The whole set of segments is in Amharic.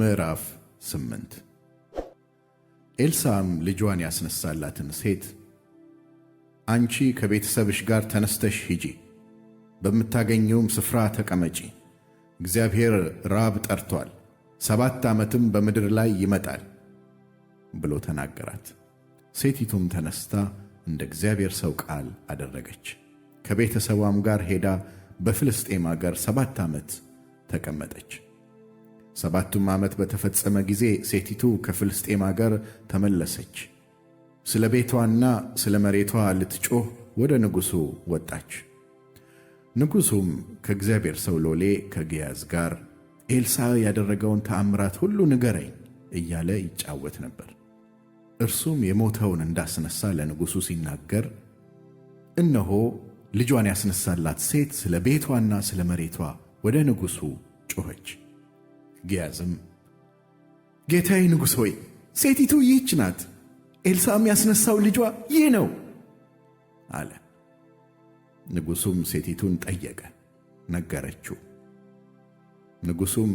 ምዕራፍ ስምንት ኤልሳም ልጇን ያስነሳላትን ሴት አንቺ ከቤተሰብሽ ጋር ተነስተሽ ሂጂ፣ በምታገኘውም ስፍራ ተቀመጪ፣ እግዚአብሔር ራብ ጠርቶአል፣ ሰባት ዓመትም በምድር ላይ ይመጣል ብሎ ተናገራት። ሴቲቱም ተነስታ እንደ እግዚአብሔር ሰው ቃል አደረገች። ከቤተሰቧም ጋር ሄዳ በፍልስጤም አገር ሰባት ዓመት ተቀመጠች። ሰባቱም ዓመት በተፈጸመ ጊዜ ሴቲቱ ከፍልስጤም አገር ተመለሰች፣ ስለ ቤቷና ስለ መሬቷ ልትጮህ ወደ ንጉሡ ወጣች። ንጉሡም ከእግዚአብሔር ሰው ሎሌ ከግያዝ ጋር ኤልሳዕ ያደረገውን ተአምራት ሁሉ ንገረኝ እያለ ይጫወት ነበር። እርሱም የሞተውን እንዳስነሳ ለንጉሡ ሲናገር እነሆ ልጇን ያስነሳላት ሴት ስለ ቤቷና ስለ መሬቷ ወደ ንጉሡ ጮኸች። ግያዝም ጌታዬ ንጉሥ ሆይ ሴቲቱ ይህች ናት፣ ኤልሳም ያስነሳው ልጇ ይህ ነው አለ። ንጉሡም ሴቲቱን ጠየቀ፣ ነገረችው። ንጉሡም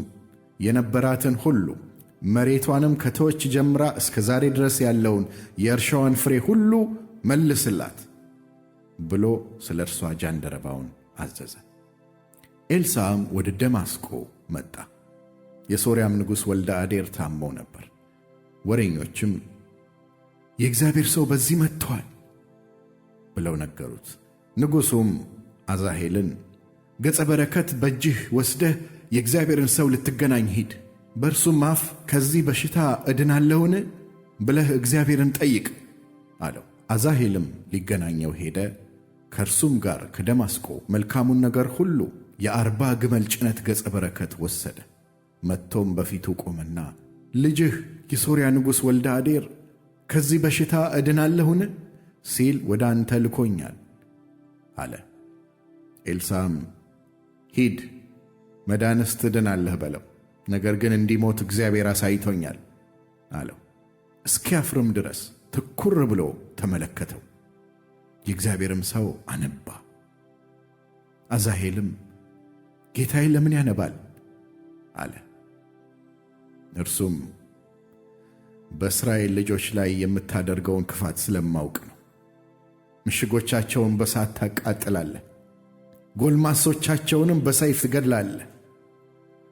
የነበራትን ሁሉ መሬቷንም ከተወች ጀምራ እስከ ዛሬ ድረስ ያለውን የእርሻዋን ፍሬ ሁሉ መልስላት ብሎ ስለ እርሷ ጃንደረባውን አዘዘ። ኤልሳም ወደ ደማስቆ መጣ። የሶርያም ንጉሥ ወልደ አዴር ታሞ ነበር። ወሬኞችም የእግዚአብሔር ሰው በዚህ መጥተዋል ብለው ነገሩት። ንጉሡም አዛሄልን ገጸ በረከት በእጅህ ወስደህ የእግዚአብሔርን ሰው ልትገናኝ ሂድ፣ በእርሱም አፍ ከዚህ በሽታ እድናለሁን ብለህ እግዚአብሔርን ጠይቅ አለው። አዛሄልም ሊገናኘው ሄደ። ከእርሱም ጋር ከደማስቆ መልካሙን ነገር ሁሉ የአርባ ግመል ጭነት ገጸ በረከት ወሰደ። መጥቶም በፊቱ ቆመና ልጅህ የሶርያ ንጉሥ ወልደ አዴር ከዚህ በሽታ እድናለሁን ሲል ወደ አንተ ልኮኛል አለ። ኤልሳም ሂድ መዳንስ ትድናለህ በለው፣ ነገር ግን እንዲሞት እግዚአብሔር አሳይቶኛል አለው። እስኪያፍርም ድረስ ትኩር ብሎ ተመለከተው። የእግዚአብሔርም ሰው አነባ። አዛሄልም ጌታዬ ለምን ያነባል? አለ። እርሱም በእስራኤል ልጆች ላይ የምታደርገውን ክፋት ስለማውቅ ነው። ምሽጎቻቸውን በሳት ታቃጥላለህ፣ ጎልማሶቻቸውንም በሰይፍ ትገድላለህ፣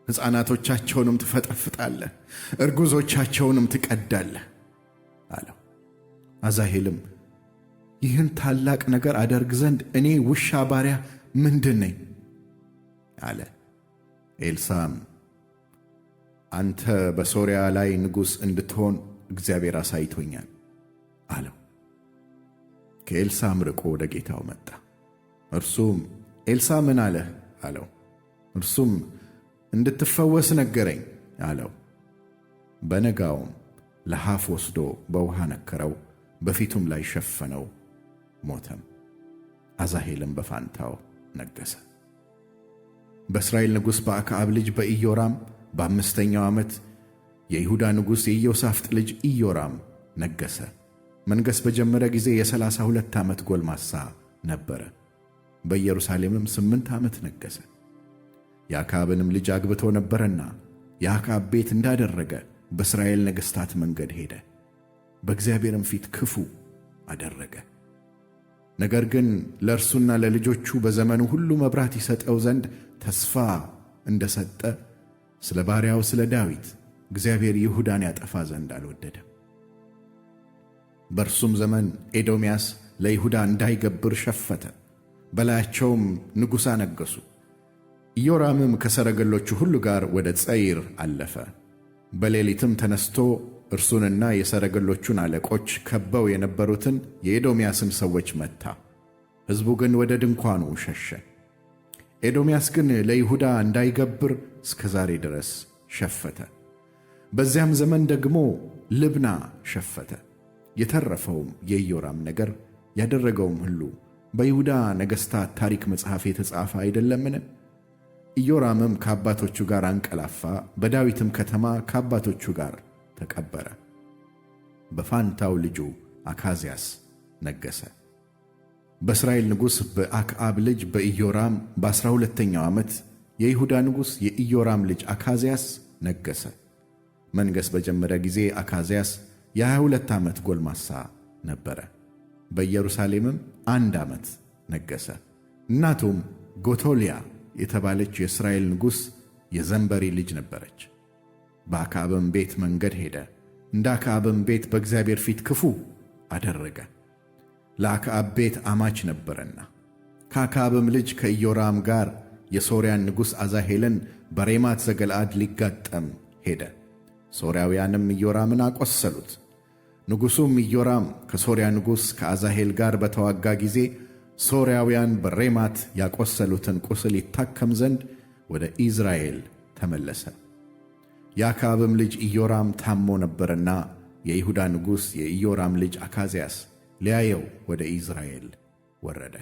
ሕፃናቶቻቸውንም ትፈጠፍጣለህ፣ እርጉዞቻቸውንም ትቀዳለህ አለው። አዛሄልም ይህን ታላቅ ነገር አደርግ ዘንድ እኔ ውሻ ባሪያ ምንድን ነኝ? አለ። ኤልሳም አንተ በሶርያ ላይ ንጉሥ እንድትሆን እግዚአብሔር አሳይቶኛል አለው። ከኤልሳ ርቆ ወደ ጌታው መጣ። እርሱም ኤልሳ ምን አለህ አለው። እርሱም እንድትፈወስ ነገረኝ አለው። በነጋውም ለሐፍ ወስዶ በውሃ ነከረው፣ በፊቱም ላይ ሸፈነው፣ ሞተም። አዛሄልም በፋንታው ነገሠ። በእስራኤል ንጉሥ በአክዓብ ልጅ በኢዮራም በአምስተኛው ዓመት የይሁዳ ንጉሥ የኢዮሳፍጥ ልጅ ኢዮራም ነገሠ። መንገሥ በጀመረ ጊዜ የሠላሳ ሁለት ዓመት ጎልማሳ ነበረ። በኢየሩሳሌምም ስምንት ዓመት ነገሠ። የአክዓብንም ልጅ አግብቶ ነበረና የአክዓብ ቤት እንዳደረገ በእስራኤል ነገሥታት መንገድ ሄደ፣ በእግዚአብሔርም ፊት ክፉ አደረገ። ነገር ግን ለእርሱና ለልጆቹ በዘመኑ ሁሉ መብራት ይሰጠው ዘንድ ተስፋ እንደሰጠ ስለ ባሪያው ስለ ዳዊት እግዚአብሔር ይሁዳን ያጠፋ ዘንድ አልወደደም። በእርሱም ዘመን ኤዶምያስ ለይሁዳ እንዳይገብር ሸፈተ፣ በላያቸውም ንጉሥ አነገሡ። ኢዮራምም ከሰረገሎቹ ሁሉ ጋር ወደ ጸይር አለፈ። በሌሊትም ተነሥቶ እርሱንና የሰረገሎቹን አለቆች ከበው የነበሩትን የኤዶምያስን ሰዎች መታ። ሕዝቡ ግን ወደ ድንኳኑ ሸሸ። ኤዶምያስ ግን ለይሁዳ እንዳይገብር እስከ ዛሬ ድረስ ሸፈተ። በዚያም ዘመን ደግሞ ልብና ሸፈተ። የተረፈውም የኢዮራም ነገር ያደረገውም ሁሉ በይሁዳ ነገሥታት ታሪክ መጽሐፍ የተጻፈ አይደለምን? ኢዮራምም ከአባቶቹ ጋር አንቀላፋ፣ በዳዊትም ከተማ ከአባቶቹ ጋር ተቀበረ። በፋንታው ልጁ አካዝያስ ነገሠ። በእስራኤል ንጉሥ በአክአብ ልጅ በኢዮራም በዐሥራ ሁለተኛው ዓመት የይሁዳ ንጉሥ የኢዮራም ልጅ አካዝያስ ነገሠ። መንገሥ በጀመረ ጊዜ አካዝያስ የ ሁለት ዓመት ጎልማሳ ነበረ። በኢየሩሳሌምም አንድ ዓመት ነገሠ። እናቱም ጎቶልያ የተባለች የእስራኤል ንጉሥ የዘንበሪ ልጅ ነበረች። በአክዓብም ቤት መንገድ ሄደ፣ እንደ አክዓብም ቤት በእግዚአብሔር ፊት ክፉ አደረገ። ለአክዓብ ቤት አማች ነበረና። ከአክዓብም ልጅ ከኢዮራም ጋር የሶርያን ንጉሥ አዛሄልን በሬማት ዘገልአድ ሊጋጠም ሄደ። ሶርያውያንም ኢዮራምን አቆሰሉት። ንጉሡም ኢዮራም ከሶርያ ንጉሥ ከአዛሄል ጋር በተዋጋ ጊዜ ሶርያውያን በሬማት ያቆሰሉትን ቁስል ይታከም ዘንድ ወደ ኢዝራኤል ተመለሰ። የአክዓብም ልጅ ኢዮራም ታሞ ነበርና የይሁዳ ንጉሥ የኢዮራም ልጅ አካዝያስ ሊያየው ወደ ኢዝራኤል ወረደ።